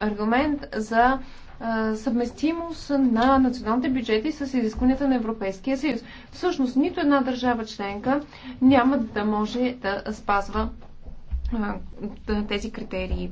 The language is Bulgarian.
аргумент за съвместимост на националните бюджети с изискванията на Европейския съюз. Всъщност, нито една държава членка няма да може да спазва тези критерии.